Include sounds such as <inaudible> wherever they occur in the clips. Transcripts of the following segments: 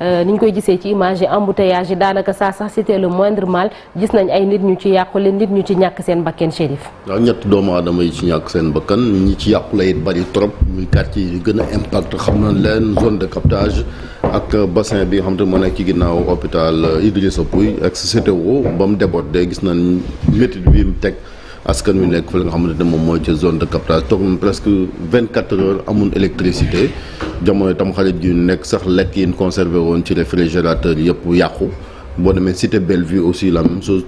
Euh, ni ñu koy gisee ci image yi embouteillage yi daanaka saa sax c'était le moindre mal gis nañ ay nit ñu ci yàqule nit ñu ci ñàkk seen bakkan Chérif waaw ñett doomu aadama yi ci ñàkk seen bakkan ñi ci yàqule it bari trop muy quartier yi gën a impact xam na leen zone de captage ak bassin bi nga xam te moo nekk ci ginnaaw hôpital euh, Idrissa Pouye ak CTO ba mu débordé gis nañ métit bi mu teg askan wi nekk fa la nga xamante ne moom mooy ci zone de captage toog nañ presque vingt quatre heures amul électricité jamono tam xarit gi nekk sax lekk yi ñu woon ci réfrigérateur yëpp yàqu boo demee cité Bellevue aussi la même chose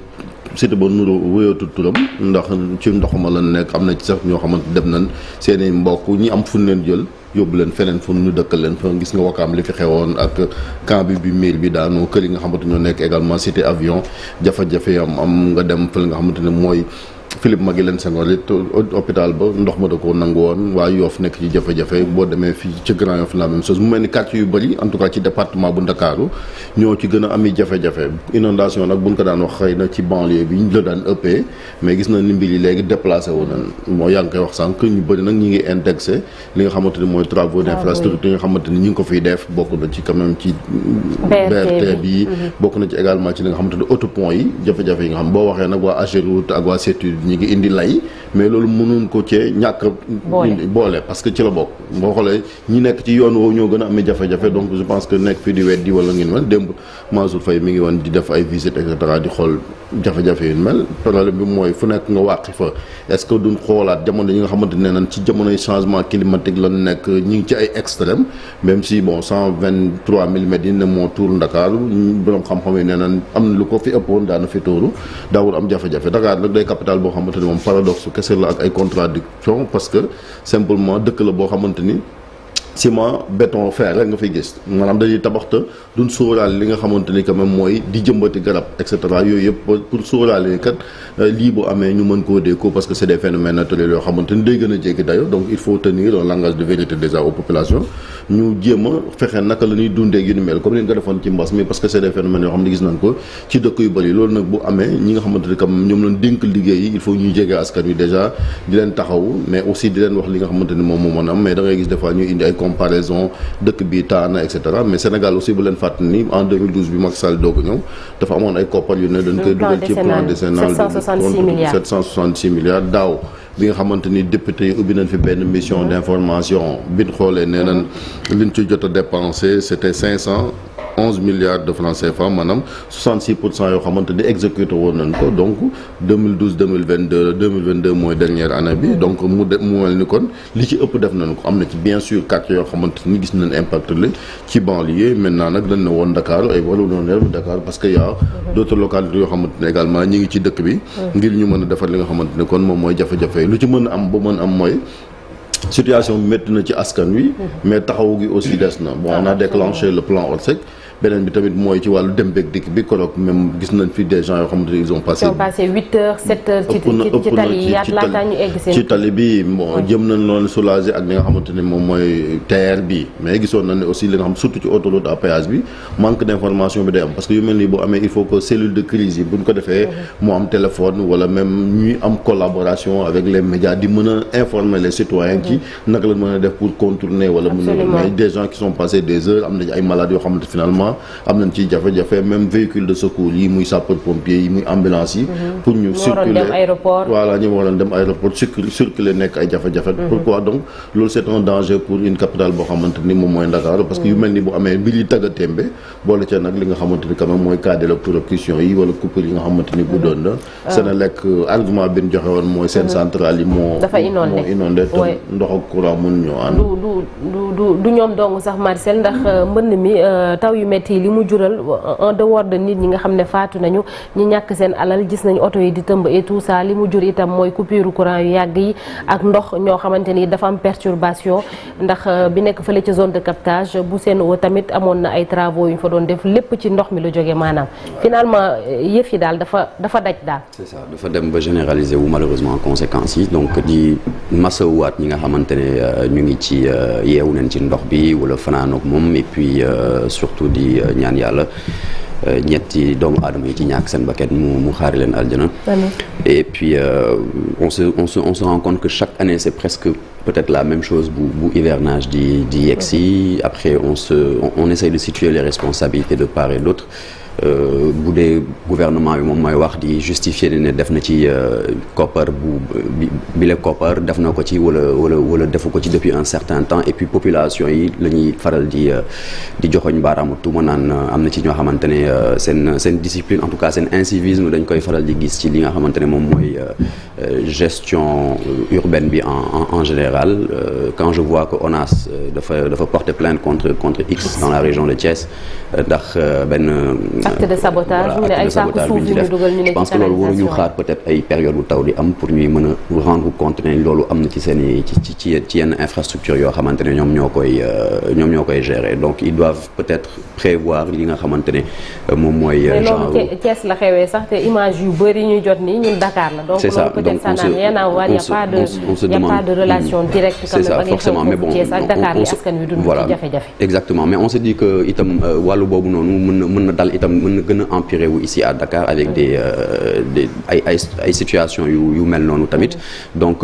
cité ba nuru wéyatu turam ndax ci ndox ma la nekk am na ci sax ñoo xamante dem nañ seen i mbokk ñi am fu leen jël yóbbu leen feneen fu ñu dëkkal leen fa gis nga wakaam li fi xewoon ak camp bi bi miir bi daanu kër yi nga xamante ñoo nekk également cité avion jafe-jafe am am nga dem fa la nga xamante ne mooy Philippe Maguilène Senghor it hôpital ba ndox ma da ko nangu woon waa Yoff nekk ci jafe-jafe boo demee fii ci Grand Yoff la même chose mu mel ni quartier yu bëri en tout cas ci département bu Ndakaaru ñoo ci gën a ami jafe-jafe inondation nag buñ ko daan wax xëy na ci banlieue bi ñu la daan ëppee mais gis na ni mbir yi léegi déplacé wu nañ moo yaa ngi koy wax sànq ñu bëri nag ñu ngi indexé li nga xamante ni mooy travaux d'infrastructure yi nga xamante ni ñi ngi ko fiy def bokk na ci quand même ci BRT bi mhm. ci également ci li nga ni autopont yi jafe-jafe yi nga xam boo waxee nag waa AGEROUTE ak waa ñu ngi indi lay mais loolu mënoon ko cee ñàkk boole parce que ci la bokk boo xoolee ñi nekk ci yoon woowu ñoo gën a amee jafe-jafe donc je pense que nekk fii di weddi wala ngeen mel démb Mansour Faye mi ngi woon di def ay visite et cetera di xool jafe-jafe yu mel problème mooy fu nekk nga wàqi fa est-ce que duñ xoolaat jamono yi nga xamante ne nan ci jamonoy changement climatique la nekk ñi ngi ci ay extrême même si bon cent vingt trois millimètres yi ne moo tuur Ndakaaru boroom xam-xam yi nee nan am lu ko fi ëppoon daana fi tuuru daawul am jafe-jafe Dakar nag day capital boo xamante ne moom paradoxe kese la ak ay contradiction parce que simplement dëkk la boo xamante ni ciment béton fer rek nga fay gis maanaam dañuy tabax te duñ sóoraale li nga xamante ni quand même mooy di jëmbati garab et yooyu yëpp pour sóoraale kat euh, lii bu amee ñu mën koo dékku parce que c' est des phénomènes naturels day gën a jéggi dayo donc il faut tenir langage de vérité déjà aux populations ñu jéem a fexe naka la dundee yu ni mel comme ni ko defoon ci mbas mi parce que c' est yoo xam ne gis nañ ko ci dëkk yu bëri loolu nag bu comparaison dëkk bi taana et cetera mais Sénégal aussi bu leen fàttali ni en 2012 bi Macky Sall doog a ñëw dafa amoon ay koppar yu ne dañ koy dugal ci plan décennal 766 milliards milliards daaw bi nga xamante ni député ubbi nañ fi benn mission d'information bi ñu xoolee nee nañ liñ ci jot a dépensé cinq 500 onze milliards de francs CFA maanaam 66 pour cent yoo xamante ni exécuté woon nañ ko donc 2012 2022 2022 mooy dernière année bi donc mu de mu mel ni kon li ci ëpp def nañ ko am na ci bien sûr quartier yoo la ne woon Dakar ay wala non nerf Dakar parce que y a d'autres yoo xamante ne également ñi ngi ci dëkk bi ngir ñu mën a defar li nga xamante ne kon moom mooy jafe-jafe lu ci mën a am ba mën am mooy situation métti na ci askan wi mais taxawu gi aussi des na on a déclenché le plan beneen bi tamit mooy ci wàllu dem beeg dikk bi koroog même gis nañ fi des gens yoo xamante ne ci ci bi bon jëm nañ loolu soulager nga xamante ne moom mooy TER bi mais gisoon nañ ne aussi li nga xam surtout ci autoroute à bi manque d' bi day am parce que yu mel nii boo amee il faut que cellule de crise yi buñ ko defee. Mhm. mu am téléphone wala même ñuy am collaboration avec les médias di mën a informer les citoyens ci mhm. naka la mën a def pour contourner wala mën a mais des gens qui sont finalement temps am nañ ci jafe-jafe même véhicule de secours yi muy sapeur pompier yi muy ambulance yi mhm. pour ñu circuler voilà ñu waroon dem aéroport circuler nekk ay jafe-jafe mhm. pourquoi donc loolu c'est danger pour une capitale boo xamante moom mooy Ndakaaru parce que yu mhm. mel ni bu amee mbir yi tagga témbe boole ca nag li nga xamante ni mooy cas d'électrocution yi wala coupure yi nga xamante ni guddoon na ah. lekk argument bi ñu joxe mooy seen centrale métti yi li mu jural euh, en dehors de nit ñi nga xam ne faatu nañu ñi ñàkk seen alal gis nañu oto yi di tëmb et tout ça li mu jur itam mooy coupure courant yu yàgg yi ak ndox ñoo xamante ni dafa am perturbation ndax euh, bi nekk fële ci zone de captage bu seen woo tamit amoon na ay travaux yu ñu fa doon def lépp ci ndox mi la jógee maanaam finalement euh, yëf yi daal dafa dafa daj daal. c'est ça dafa dem ba généraliser wu malheureusement conséquences yi donc di masawuwaat ñi nga xamante ne ñu ngi ci yeewu nañ ci ndox bi wala fanaan moom et puis surtout di. di euh, ñaan yàlla euh, ñetti doomu aadama yi ci ñàkk seen bakkan mu mu xaari leen aljana et puis euh, on se on se on se rend compte que chaque année c'est presque peut-être la même chose bu bu hivernage di di yegsi après on se on, on essaye de situer les responsabilités de part et d'autre Euh, bu dee gouvernement bi moom mooy wax di justifier ne def na ci euh, koppar bu bile koppar def na ko ci wala wala wala defu ko ci depuis un certain temps et puis population yi la ñuy faral di euh, di joxoñ baaraamu tuuma naan am na ci ñoo xamante ne seen seen discipline en tout cas seen insivisme dañ koy faral di gis ci li nga xamante ne moom mooy Euh, gestion euh, urbaine bi en en général euh, quand je vois que ONAS dafa dafa porter plainte contre contre X dans la région de Thiès ndax acte de sabotage ay saako suuf ñu ci canalisation je pense que loolu waruñu xaar peut-être ay période bu taw di am pour ñuy mën a rendre compte loolu am na ci seen i ci ci ci yenn infrastructure yoo xamante ne ñoom ñoo koy ñoom ñoo koy gérer donc ils doivent peut-être prévoir li nga xamante ni moom mooy. genre Thiès la xewee sax te image yu bari ñu jot nii ñun Dakar la. donc ça n'a rien à voir il n'y a pas de il n'y a pas c'est ça forcément mais on se dit que itam euh, wàllu boobu noonu mën na mën na dal itam mën na gën a empirer wu ici à Dakar avec des euh, des ay ay ay situation yu yu mel noonu tamit mm-hmm. donc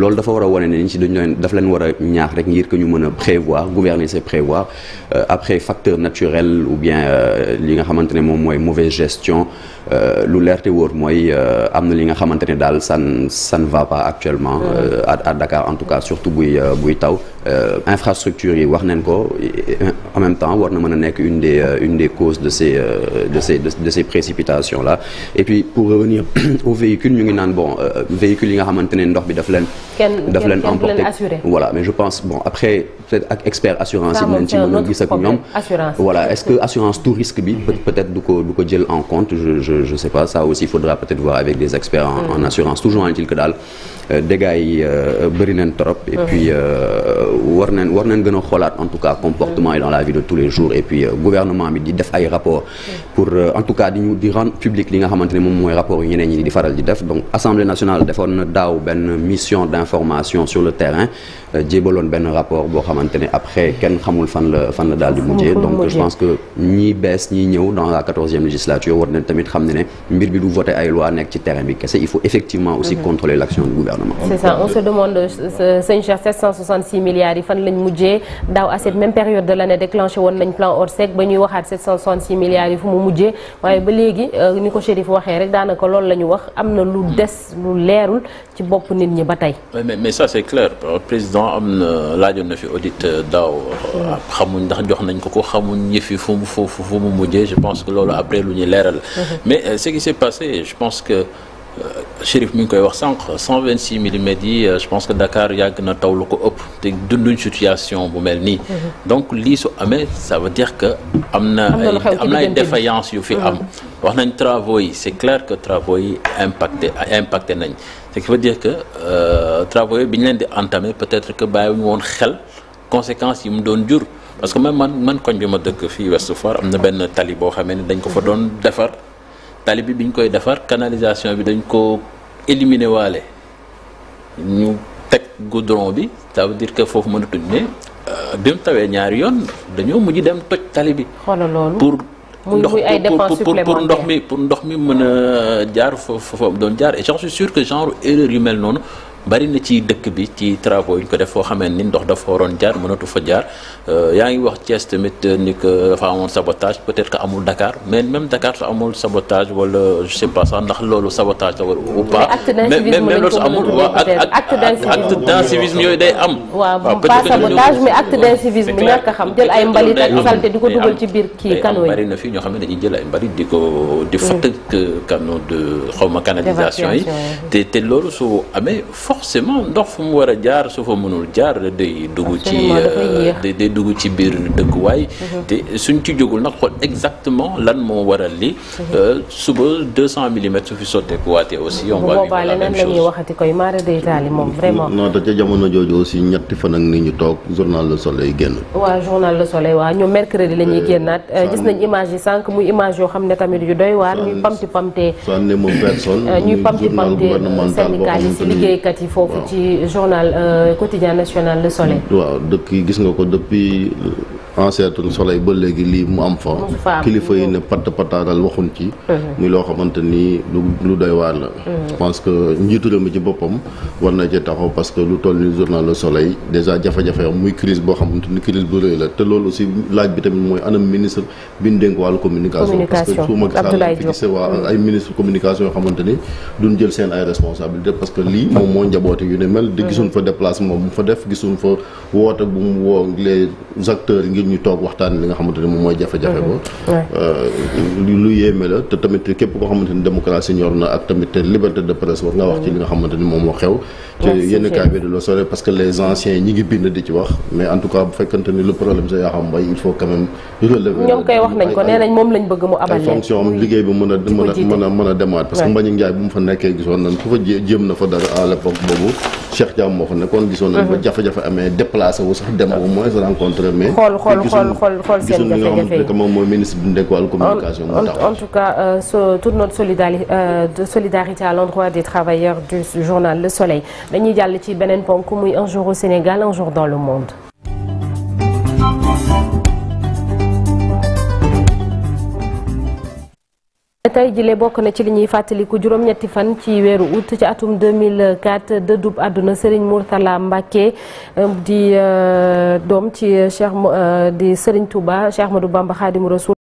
loolu dafa war a wane ne ni ci dañ leen daf leen war a ñaax rek ngir que ñu mën a prévoir gouverner c'est prévoir euh, après facteur naturel ou bien li nga xamante ne moom mooy mauvaise gestion lu leerte wóor mooy am na li nga xamante daal ne ça ne va pas actuellement ah. euh, à à Dakar en tout cas surtout buy euh, buy taw euh, infrastructure yi wax nañ ko en même temps war na mën a nekk une des une des causes de ces de ces de ces précipitations là et puis pour revenir <clears throat> aux véhicules ñu ngi bon véhicules yi nga xamante ne ndox bi daf leen kenn daf leen emporté voilà mais je pense après peut expert assurance a gis ak ñoom tout risque bi peut-être du ko jël en compte je je pas ça aussi faudra peut-être voir avec des experts en, mm. assurance toujours en est que daal euh, dégâts yi euh, bëri nañ et mm. puis euh, gën a xoolaat en tout cas comportement yi dans la vie de tous les jours et gouvernement bi di def ay rapport mm. pour en tout cas di ñu public li nga xamante ne moom mooy rapport yu ñeneen di faral di def donc assemblée information sur le terrain jébaloon benn rapport boo xamante ne après kenn xamul fan la fan la daal di donc je pense que ñi bees ñi ñëw dans quatorzième législature war tamit xam ne ne mbir bi du voter ay loi nekk ci terrain bi kese il faut effectivement aussi mhm. contrôler l'action du gouvernement c'est ça euh, milliards yi fan lañ mujjee daaw à cette période de l'année déclenché woon nañ plan Orsec ba ñuy waxaat milliards yi fu mu mujjee waaye ba léegi euh, ni ko Chérif waxee na lu des lu leerul pourtant am na laajoon na fi audit euh, daaw euh, mm. xamuñ ndax jox nañ ko ko xamuñ ñi fi fu mu fu mu je pense que loolu après lu ñuy leeral mm-hmm. mais euh, ce qui s'est passé je pense que Euh, Chérif mu ngi koy wax sànq 126 millimètres yi euh, je pense que Dakar yàgg na taw lu ko ëpp te dunduñ situation bu mel nii. Mhm. donc lii su amee ça veut dire que am na. am na ay défaillance yu fi am. Mhm. wax nañ travaux yi c' est clair que travaux yi impacté impacté nañ ce qui veut dire que euh, travaux yi bi ñu leen di entamé peut être que bàyyiwuñu woon xel conséquences yi mu doon jur parce que man man man koñ bi ma dëkk fii Ouest Foire am na benn tali boo xamee ne dañ ko fa doon defar. tali bi bi ñu koy defar canalisation bi dañu ko éliminer waale ñu teg goudron bi ça veut dire que foofu mënatuñ ne euh, bi mu tawee ñaari yoon dañoo mujj dem toj tali bi. xoolal loolu pour ndox pour pour ndox mi pour ndox mi mën a jaar fa fa doon jaar et je suis sûr que genre erreur yu mel noonu. bari na ci dëkk bi ci travaux yu ñu ko def foo xamee ni ndox dafa waroon jaar mënatu fa jaar euh, yaa ngi wax Thiès tamit ni que dafa amoon sabotage peut-être que amul Dakar mais même Dakar su amul sabotage wala je sais pas ndax loolu sabotage la wala ou pas mais même loolu su amul waaw yooyu day am waaw pas sabotage mais acte a xam jël ay mbalit di ko dugal ci biir kii canaux yi bari na fii ñoo xam ne dañuy jël ay mbalit di ko di mm. fatt canaux de xawma canalisation yi te te loolu su amee forcément ndox fu mu war a jaar su fa mënul jaar day dugg ci day dugg ci biir dëkkuwaay te suñ ci jógul nag xool exactement lan moo waral li suba 200 su fi sotteeku waatee aussi on va vivre la même chose la ñuy waxati koy maara day taali moom vraiment non te ca jamono jooju aussi ñetti fan ak ni ñu toog journal Le Soleil génn waaw journal Le Soleil waaw ñoom mercredi la ñuy génnaat gis nañ image yi sànq muy image yoo xam ne tamit yu doy waar ñuy pamti pamtee ñuy pamti pamtee syndicats yi si yi foofu ci journal euh, quotidien national Le Soleil. waaw dëkk yi gis nga ko depuis enceetun soleil ba léegi lii mu am fa kilifa yi ne patt pataaral waxuñ ci muy mhm. loo xamante ni lu lu doy waar la mhm. je pense que njiitu réew mi ci boppam war na ci taxaw parce que lu toll ni journal le soleil déjà jafe-jafe am muy crise boo xamante ni crise bu rëy la te loolu aussi laaj bi tamit mooy anam ministre bi ñu dénk wàllu communication parce su ma gisaa fi gisee waa mhm. ay ministre communication yoo xamante ni duñ jël seen ay responsabilité parce que lii moom moo njaboote yu ne di gisuñ fa déplacement bu mu fa def gisuñ fa woote bu mu woo les acteurs ngir ñu toog waxtaan li nga xamante moom mooy jafe-jafe ba mm-hmm. euh, lu yéeme la te tamit képp koo xamante ni ñor na ak tamit liberté de presse war nga wax ci mm-hmm. li nga xamante moom moo xew ci yenn cas bi de la parce que les anciens ñi ngi bind di ci wax mais en tout cas bu fekkante ni le problème sa yaa mbay il faut quand moom lañ bëgg mu abal leen fonction liggéey bi a a mu fa nekkee gisoon nañ ku fa na fa dara à l'époque boobu Cheikh Diam xool xool xool xool seen jafe-jafe yi moom mooy ministre bu nekk wàllu communication moo tax en euh, euh, solidarité à l'endroit des travailleurs du journal Le Soleil dañuy jàll ci beneen ponk muy un jour au Sénégal un jour dans le monde tey jile bokk na ci li ñuy fàttaliku juróom-ñetti fan ci weeru août ci atum deux 2004 dub àdduna Serigne Mourtala Mbacke euh, di euh, doom ci euh, Cheikh di Serigne Touba ma du Bamba Khadimu Rasul